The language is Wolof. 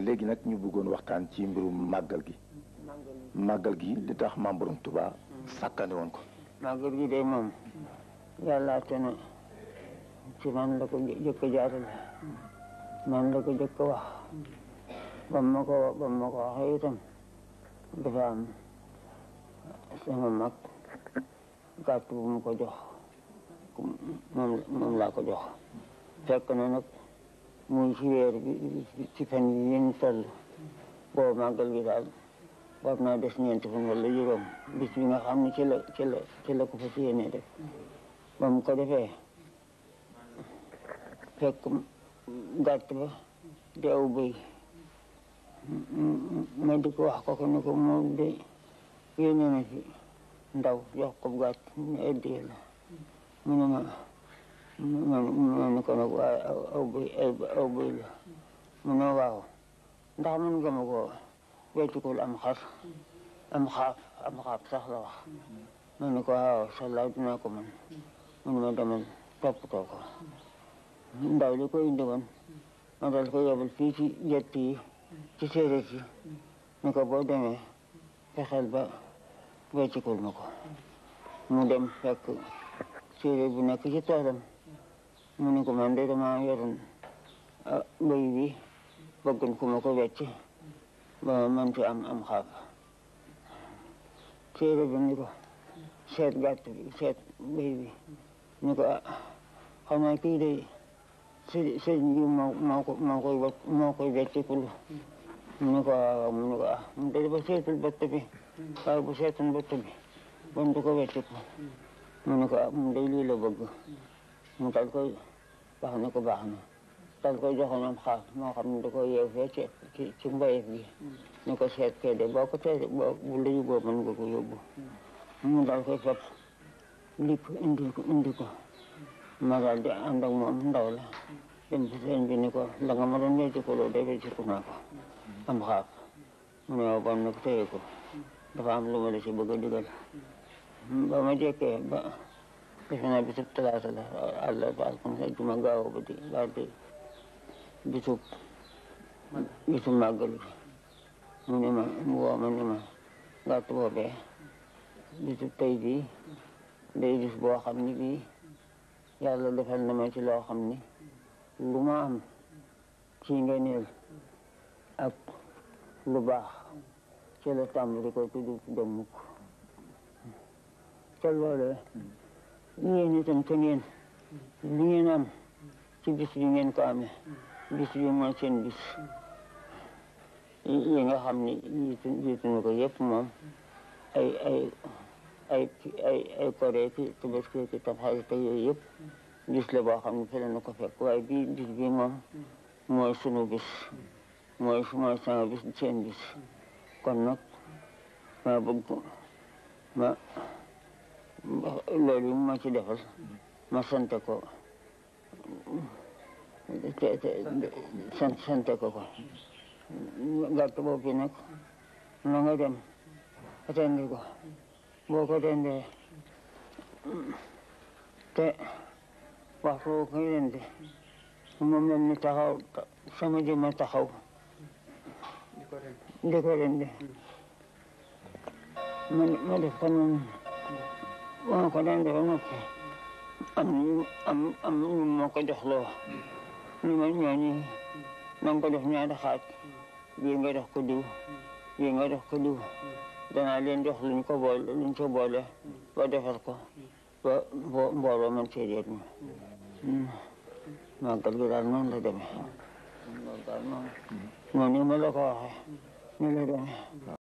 léegi nag ñu bëggoon waxtaan ci mbirum màggal gi màggal gi li tax maam Borom Touba sàkkane woon ko màggal gi de moom yàllaa te ne ci man la ko jëkk jaatal man la ko jëkk wax ba ko ba ma ko waxee itam dafa am sama mag gàtt bu ko jox moom laa ko jox fekk na nag muy ci weer bi ci fan yi yéen toll boobu màggal gi daal war naa des ñeenti fan wala juróom bis bi nga xam ne ci la ci la ci la ko fas yéene def ba mu ko defee fekk gàtt ba di aw bëy ma di wax ko ko ne ko moom de yéene na fi ndaw jox ko gàtt mu ne addiya la mu ne ma mënu ko nag waaye aw bëy aw bëy la mënoo waaw ndax mën nga ma koo weytukul am xar am xaaf am xaaf sax la wax mën na ko waaw sallaaw dinaa ko mën mën ma demal toppatoo ko ndaw li ko indi woon ma dal ko yóbbal fii ci jett yi ci séeréer yi ni ko boo demee fexeel ba weytukul ma ko mu dem fekk séeréer bi nekk ci toolam mu ne ko man de damaa yoroon ah, béy bi bëggoon ku ma ko wecc ba man ci am am xaaf téere bi ni ko seet gàtt bi seet béy bi ni ko ah xam nga kii de së sëriñ bi moo moo ko moo koy moo koy weccikul mu ne ko waaw mu ne ko ah mu de dafa seetul bëtt bi waaye bu seetul bëtt bi mu ne ko ah mu de lii la bëgg mu dal koy wax na ko baax na danga koy joxoon xaar moo xam ne da ko yeew fee ci ci ci mboyeef gi mm. ni ko seet kee de boo ko tee boo bu la yóbboo mën nga ko yóbbu mm. mu daal koy fab lépp indi ko indi ko ma daal di ànd ak moom ndaw la dem ci seen bi ni ko la nga ma doon weccikuloo de wecciku naa ko mm. am xaar mu ne bon nag téye ko dafa am lu ma la ci bëgg digal ba ma jekkee bisu ne bisub talaata la àllarba alxames ajjuma gaaw ba di laa di bisub bisub màggalu mu ne ma mu woo ma ne ma gàtt boobee bisub tey bii day gis boo xam ni bii yàlla defal na ma ci loo xam ni lu ma am ci ngeneel ak lu baax ci la tàmbali ko tuddu dem mukk ca ngeen itam te ngeen li ngeen am ci bis bi ngeen ko amee bis bi mooy seen bis yi nga xam ne jiituñu ko yëpp moom ay ay ay ay ay koree ki tabaski ki tamxarit te yooyu yëpp bis la boo xam ne fële na ko fekk waaye bii bis bi moom mooy sunu bis mooy mooy sama bis seen bis kon nag ma bëgg ma loolu mu ma ci defal ma sante ko sant sante ko ko gàtt bopp bi nag na nga dem rendi ko boo ko rendee te waxtu woo ko rendi mu mel ni taxaw sama taxaw di ko rendi ma def ko noonu moo ko daan def am am am ñu ko jox loo ñu ma ñooñu na ko def ñaari xaaj bii nga jox ko diw bii nga jox ko diw danaa leen jox luñ ko boole luñ ko boole ba defar ko ba mbooloo man cee déet ñu hmm. màggal gi daal noonu la demee noonu la ko waxee ñu la demee